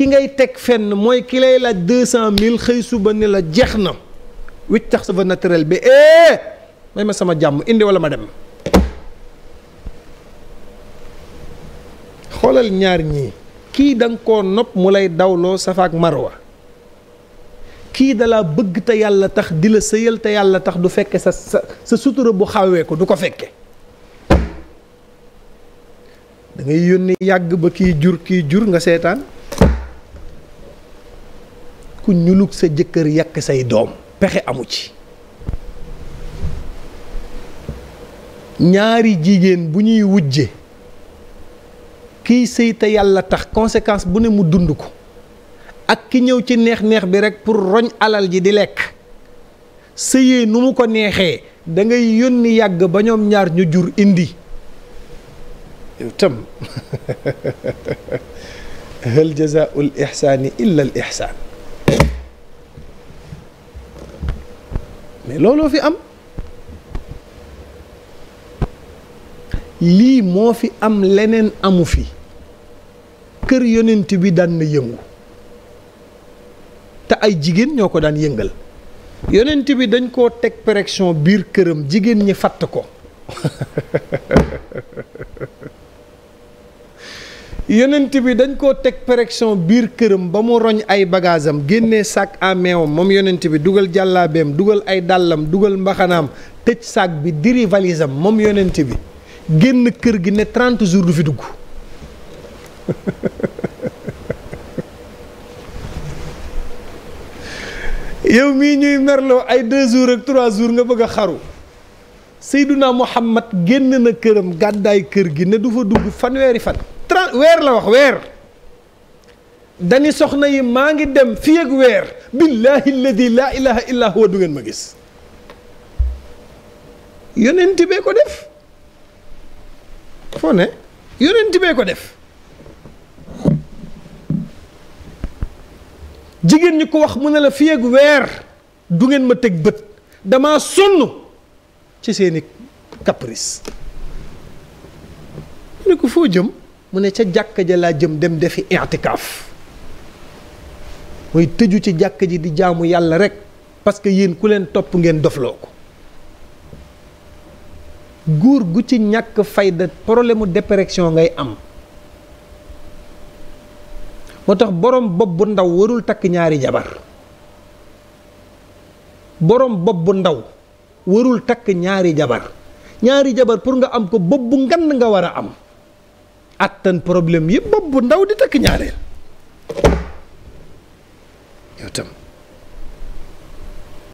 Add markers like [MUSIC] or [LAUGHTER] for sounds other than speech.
ki ngay teg fenn mooy ki lay laaj deux cent mille xëy suba ni la jeex na wicc tax sa fa naturel bi eh, may ma sama jàmm indi wala ma dem xoolal ñaar ñii kii da nga nopp mu lay dawloo safaak marwa kii dalaa bëgg te yàlla tax di la sëyal te yàlla tax du fekke sa sa sutura bu xawee ko du ko fekke dangay ngay yónni yàgg ba kii jur kii jur nga seetaan ku ñulug sa jëkkër yàq say doom pexe amu ci ñaari jigéen bu ñuy wujje kiy sëy te yàlla tax conséquence bu ne mu dund ko ak ki ñëw ci neex-neex bi rek pour roñ alal ji di lekk sëyee nu mu ko neexee dangay yónni yàgg ba ñoom ñaar ñu jur indi yow tam [LAUGHS] hal jazaa'ul ihsaani illa ihsaan looloo fi am lii moo fi am leneen amu fi kër yonent bi daan na yëngu te ay jigéen ñoo ko daan yëngal yonent bi dañ koo teg pression biir këram jigéen ñi fatt ko [LAUGHS] yonent bi dañ koo teg pression biir këram ba mu roñ ay bagage am génnee sac à main moom yonent bi dugal jàllaabeem dugal ay dàllam dugal mbaxanaam tëj sac bi diri valise moom yonent bi génn kër gi ne 30 jours du fi dugg [LAUGHS] yow mi ñuy merloo ay 2 jours ak 3 jours nga bëgg a xaru Seyduna Muhammad génn na këram gàddaay kër gi ne du fa dugg fanweeri fan. weer la wax weer dani soxna yi maa ngi dem fi ak weer billahi alladi laa ilaha huwa du ngeen ma gis yonent bee ko def foo ne bee ko def jigéen ñi ko wax mu ne la fii ak weer du ngeen ma teg bët damaa sonn ci seeni caprice mu ne ko foo jëm mu ne ca jàkka ja laa jëm dem defi i'tikaaf mooy tëju ci jàkka ji di jaamu yàlla rek parce que yéen ku leen topp ngeen dofloo ko góor gu ci ñàkk fayda problème mu dépression ngay am moo tax borom bopp ndaw warul takk ñaari jabar borom bopp bu ndaw warul takk ñaari jabar ñaari jabar pour nga am ko bopp bu ngan nga war a am attan problème yëpp bopp bu ndaw di takk ñaareel.